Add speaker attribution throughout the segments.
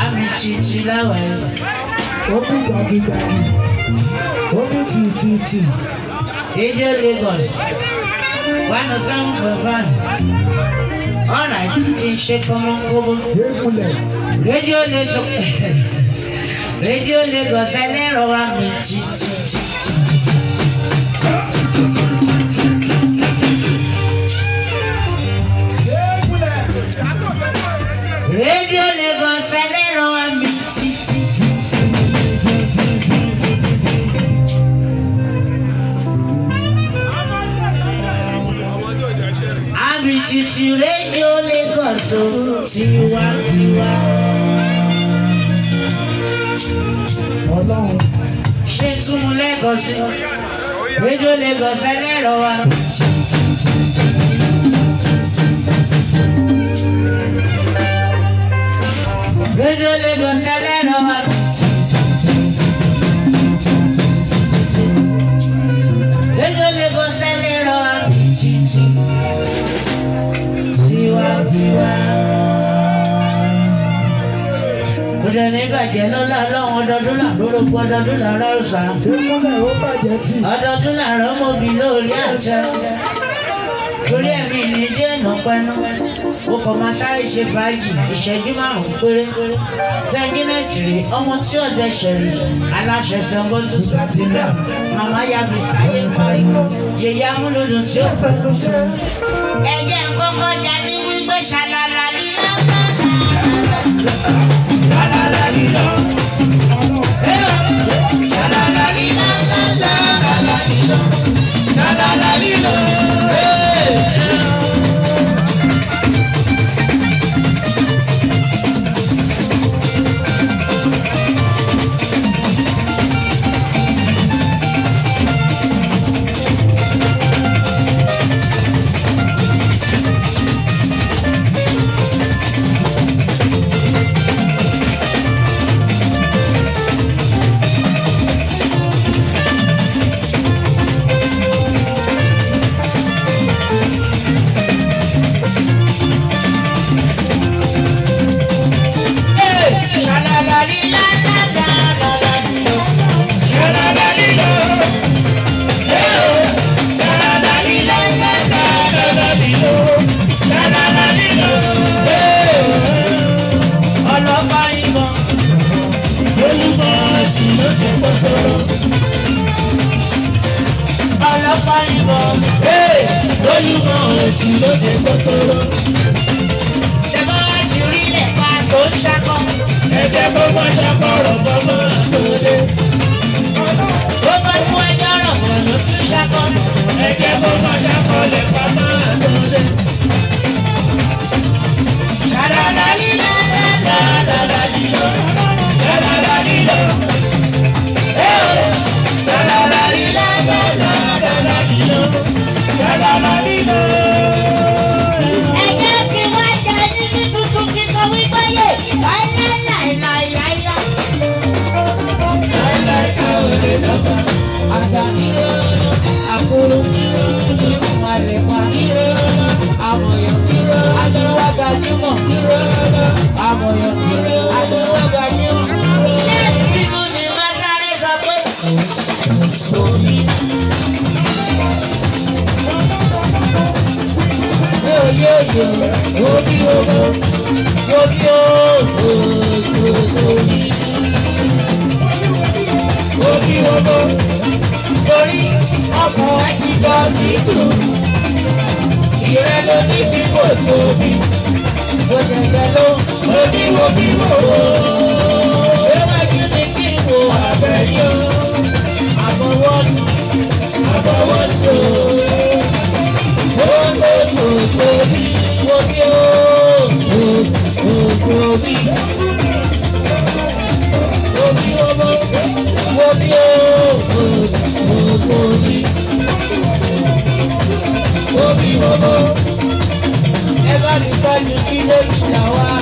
Speaker 1: àmì títí láwa yìí. ó bí gbàgígbàgì ó bí tìtìtì. ìjọ Lagos one oh seven point one ọ̀nà ìtìtì ṣe kọ́mọ́kọ́mọ́. yékulẹ̀. rédíò Lagos rédíò Lagos ẹlẹ́rọ wa mi títí. Oríṣiríṣi rédíò Lagos tiwantiwa. Ọlọ́run ṣe tún Lagos rédíò Lagos ẹlẹ́rọ wa. jẹ ní bàjẹ́ lọ́la lọ́wọ́ ọdọọdún làdúrógbó ọdọọdún làrá ọ̀sà. ọdọọdún làrá ọmọbi lóòlì àṣà. torí ẹ̀mí ni déènà pẹ́nu o kò máa sáré ṣe fàájì ìṣẹ́jú márùn-ún péré sẹ́yìn náà tìrì ọmọ tí ọ̀dẹ ṣẹ̀rì aláṣẹ sango tó sàtìlá màmá ya mi sáyé parí yèyí amúlòdùn tí ó fẹ́. ẹgbẹ́ kọ́kọ́ jáde wípé ṣàlàlà ní lọ́gbàdàn. Thank ọlọ́pàá ìbọn lóyún mọ́ ẹ̀sìn lóde kótóró. jẹ́ kó mọ́ ṣàkọrọ̀ kó mọ́ àtúndé. Ó bá fún ẹjọ́ rọ̀ mọ̀ ló tún ṣàkọrọ̀ bọ́. ògo mo ní ògo ògo mi. Mo ní ògo torí ọkàn ẹ ti lọ sí ìlú. Ìrẹ́ ló ní bí kò sóbi. Mo ṣẹ̀ṣẹ̀ ló mo ní wo bí mo wò. Ṣé wàá kí ni kí n wo àbẹ̀yọ? Àbọ̀wọ́ àbọ̀wọ́ sọ. Ó ń lò ó tóbi, mo ní ó òbí òbí ọmọ òbí òbí òbí òbí ọmọ ẹ bá mi ká ní kí lè fi dà wá.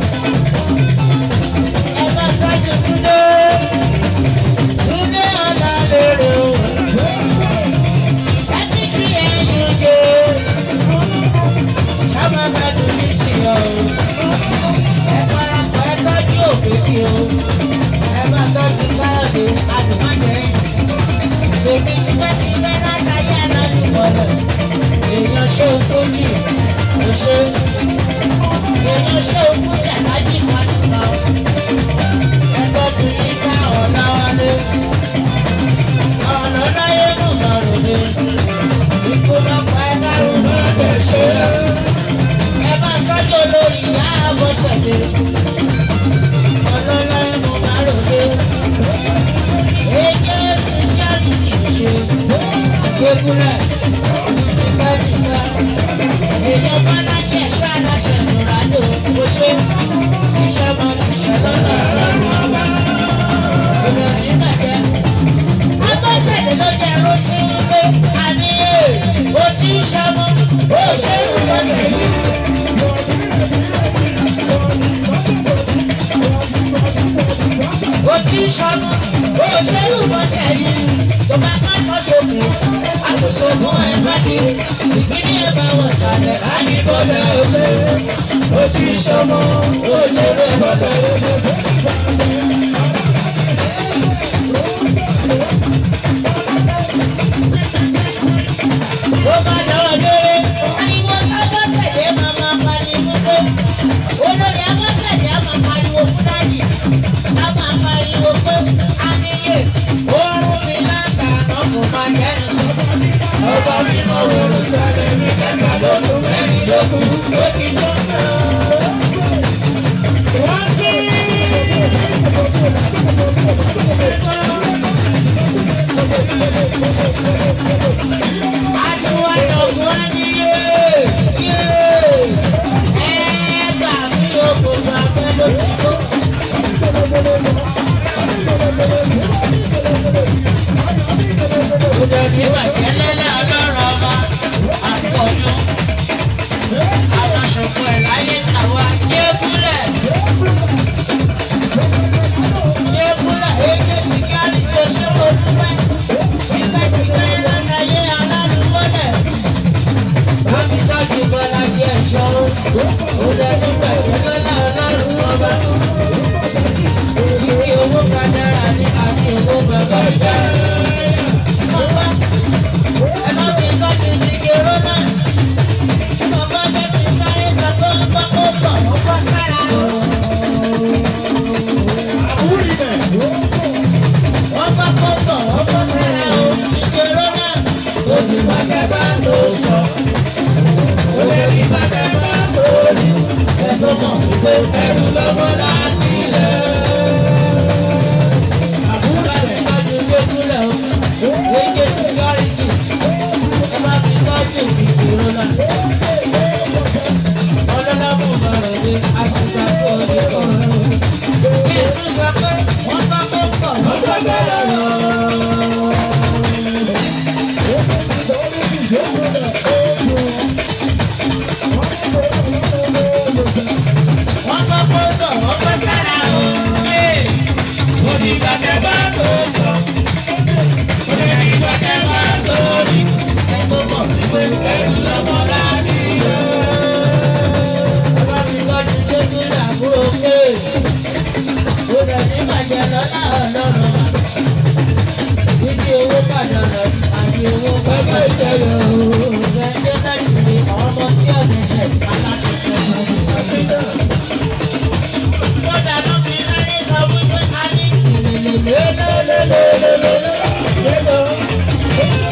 Speaker 1: káyọ̀dé o ẹ máa tọ́jú káyọ̀dé àdùmájẹ́ tèmi ti pẹ́ ti pẹ́ látàrí ànájú bọ̀dọ̀ èèyàn ṣe é fún mi ò ṣe é èèyàn ṣe é fún mi. ewúrẹ́ tipẹ́tipẹ́ èèyàn bá lájẹ̀ sára ṣẹ̀dúrà ní òkú ṣe iṣẹ́ mọ́ iṣẹ́ lọ́nà ọlọ́run ọba ìrọ̀ ní bàjẹ́. oh olè, ó ti sọmọ, olè rẹ̀ bàtà olè. Ó bá dáwọ́ lórí, ariwo Abọ́sẹ̀dé máa máa pariwo pé, olórí Abọ́sẹ̀dé á máa pariwo Fúlàní, á máa pariwo pé, a níyè, oorun mi láǹkà, ọkùnrin máa jẹ́ ìsọ́kùnrin, ọba mi mọ̀ wọ́n ló sáré mi kẹ́kẹ́ lọ́nà. Thank you. Come on, we go, everyone, love, love. Hello, hello, hello, hello, hello.